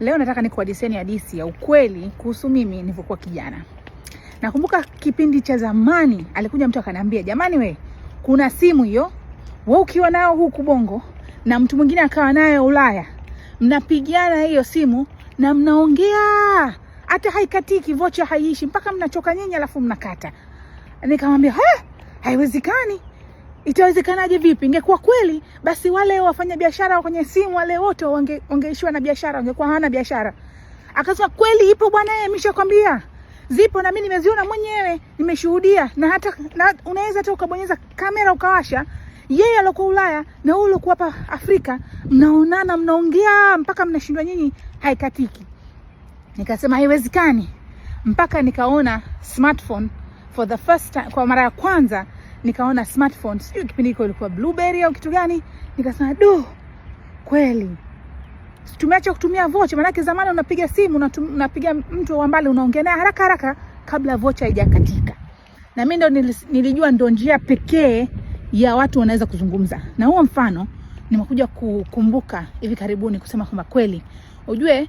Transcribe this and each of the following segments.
Leo nataka nikuhadithini hadithi ya ukweli kuhusu mimi nilivyokuwa kijana. Nakumbuka kipindi cha zamani, alikuja mtu akaniambia, jamani, we kuna simu hiyo, we ukiwa nayo huku Bongo na mtu mwingine akawa nayo Ulaya, mnapigiana hiyo simu na mnaongea, hata haikatiki, vocha haiishi mpaka mnachoka nyinyi, alafu mnakata. Nikamwambia haiwezekani. Itawezekanaje? Vipi? Ingekuwa kweli, basi wale wafanya biashara kwenye simu wale wote wange, wangeishiwa na biashara, wangekuwa hawana biashara. Akasema kweli ipo bwana, yeye ameshakwambia zipo, na mimi nimeziona mwenyewe, nimeshuhudia na hata na, unaweza hata ukabonyeza kamera ukawasha yeye aliokuwa Ulaya na huyu aliokuwa hapa Afrika, mnaonana mnaongea mpaka mnashindwa nyinyi, haikatiki. Nikasema haiwezekani, mpaka nikaona smartphone for the first time, kwa mara ya kwanza nikaona smartphone, sijui kipindi hiko ilikuwa blueberry au kitu gani, nikasema du, kweli tumeacha kutumia vocha. Maanake zamani unapiga simu, unapiga mtu wa mbali, unaongea naye haraka haraka kabla vocha haijakatika, na mimi ndo nilijua ndo njia pekee ya watu wanaweza kuzungumza. Na huo mfano nimekuja kukumbuka hivi karibuni kusema kwamba kweli, ujue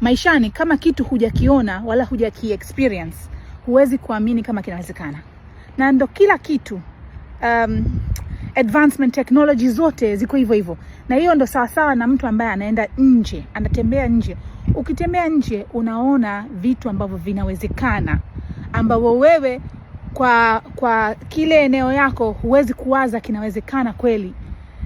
maishani kama kitu hujakiona wala hujaki experience, huwezi kuamini kama kinawezekana, na ndo kila kitu um, advancement technology zote ziko hivyo hivyo, na hiyo ndo sawasawa na mtu ambaye anaenda nje, anatembea nje. Ukitembea nje, unaona vitu ambavyo vinawezekana, ambavyo wewe kwa, kwa kile eneo yako huwezi kuwaza kinawezekana kweli,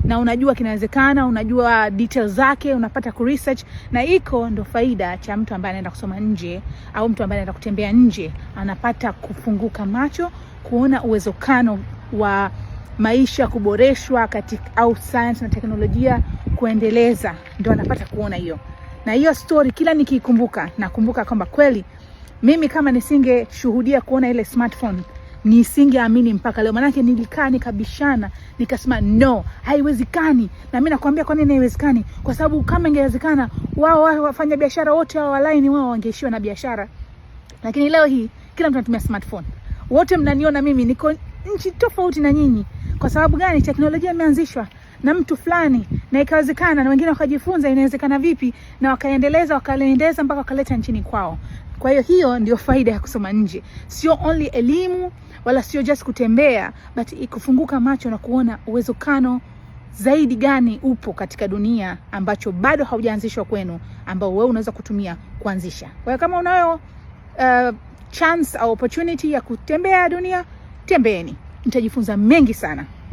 na unajua kinawezekana, unajua details zake, unapata ku research, na iko ndo faida cha mtu ambaye anaenda kusoma nje au mtu ambaye anaenda kutembea nje, anapata kufunguka macho, kuona uwezekano wa maisha kuboreshwa katika, au science na teknolojia kuendeleza, ndio anapata kuona hiyo. Na hiyo story kila nikikumbuka, nakumbuka kwamba kweli mimi kama nisingeshuhudia kuona ile smartphone nisingeamini mpaka leo, manake nilikaa nikabishana, nikasema no, haiwezekani. Na mimi nakwambia kwa nini haiwezekani, kwa sababu kama ingewezekana wao wao wafanya biashara wote wao online, wao wangeishiwa na biashara, lakini leo hii kila mtu anatumia smartphone. Wote mnaniona mimi niko nchi tofauti na nyinyi. Kwa sababu gani? Teknolojia imeanzishwa na mtu fulani na ikawezekana, na wengine wakajifunza inawezekana vipi, na wakaendeleza wakaendeleza mpaka wakaleta nchini kwao. Kwa hiyo hiyo ndio faida ya kusoma nje, sio only elimu wala sio just kutembea, but ikufunguka macho na kuona uwezekano zaidi gani upo katika dunia ambacho bado haujaanzishwa kwenu, ambao wewe unaweza kutumia kuanzisha. Kwa hiyo kama unayo uh, chance au opportunity ya kutembea dunia, tembeeni, nitajifunza mengi sana.